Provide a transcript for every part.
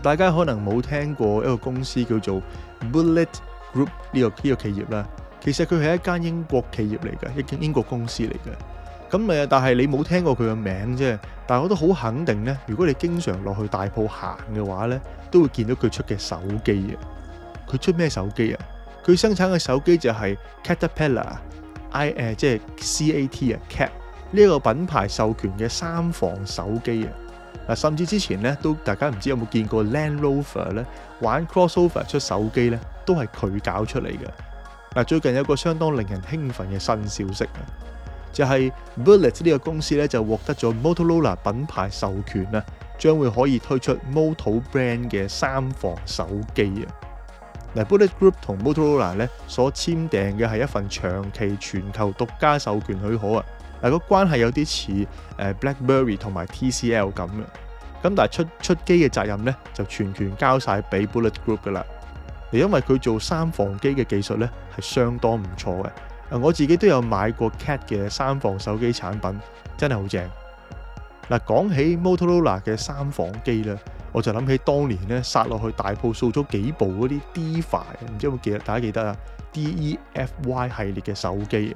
大家可能冇聽過一個公司叫做 Bullet Group 呢個呢個企業啦，其實佢係一間英國企業嚟嘅，一間英國公司嚟嘅。咁誒，但係你冇聽過佢嘅名啫。但係我都好肯定咧，如果你經常落去大鋪行嘅話咧，都會見到佢出嘅手機啊。佢出咩手機啊？佢生產嘅手機就係 Caterpillar，I 誒即係 C A T 啊，Cat 呢個品牌授權嘅三防手機啊。嗱，甚至之前咧都大家唔知有冇見過 Land Rover 咧玩 Crossover 出手機咧，都係佢搞出嚟嘅。嗱，最近有個相當令人興奮嘅新消息啊，就係 Bullet 呢個公司咧就獲得咗 Motorola 品牌授權啦，將會可以推出 Moto Brand 嘅三防手機啊。嗱，Bullet Group 同 Motorola 咧所簽訂嘅係一份長期全球獨家授權許可啊。但個關係有啲似 BlackBerry 同埋 TCL 咁嘅，咁但係出出機嘅責任咧就全權交曬俾 Bullet Group 嘅啦。因為佢做三防機嘅技術咧係相當唔錯嘅。我自己都有買過 Cat 嘅三防手機產品，真係好正。嗱，講起 Motorola 嘅三防機咧，我就諗起當年咧殺落去大鋪掃咗幾部嗰啲 Defy 唔知有冇記得，大家記得啊，Defy 系列嘅手機。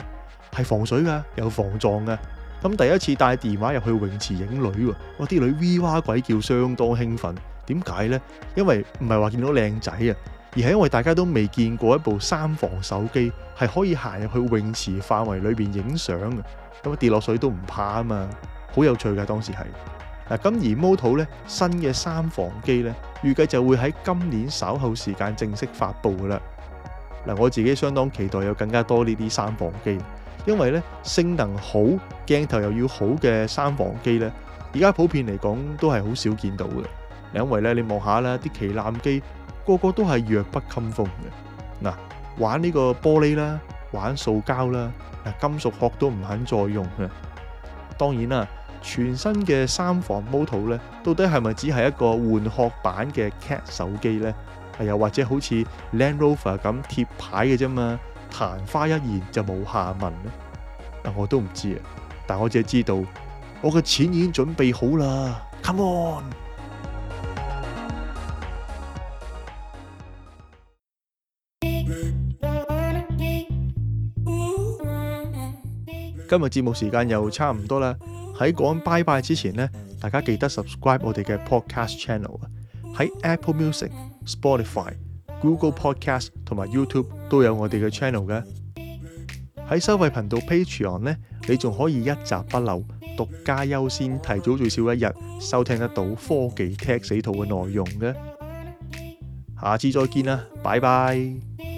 係防水嘅，有防撞嘅。咁第一次帶電話入去泳池影女喎，啲女 V 哇鬼叫，相當興奮。點解呢？因為唔係話見到靚仔啊，而係因為大家都未見過一部三防手機係可以行入去泳池範圍裏邊影相嘅。咁跌落水都唔怕啊嘛，好有趣嘅當時係嗱。咁而 Moto 咧新嘅三防機呢，預計就會喺今年稍後時間正式發布啦。嗱，我自己相當期待有更加多呢啲三防機。因為咧性能好鏡頭又要好嘅三防機咧，而家普遍嚟講都係好少見到嘅。因為咧你望下啦，啲旗艦機個個都係弱不禁風嘅。嗱，玩呢個玻璃啦，玩塑膠啦，嗱，金屬殼都唔肯再用啦。當然啦，全新嘅三防 Moto 咧，到底係咪只係一個換殼版嘅 CAT 手機咧？啊又或者好似 Land Rover 咁貼牌嘅啫嘛？曇花一現就冇下文但、啊、我都唔知啊。但我只係知道，我嘅錢已經準備好啦。Come on！ 今日節目時間又差唔多啦，喺講拜拜之前呢，大家記得 subscribe 我哋嘅 podcast channel 喺 Apple Music、Spotify。Google Podcast 同埋 YouTube 都有我哋嘅 channel 嘅。喺收費頻道 Patreon 咧，你仲可以一集不漏、獨家優先、提早最少一日收聽得到科技踢死套嘅內容嘅。下次再見啦，拜拜。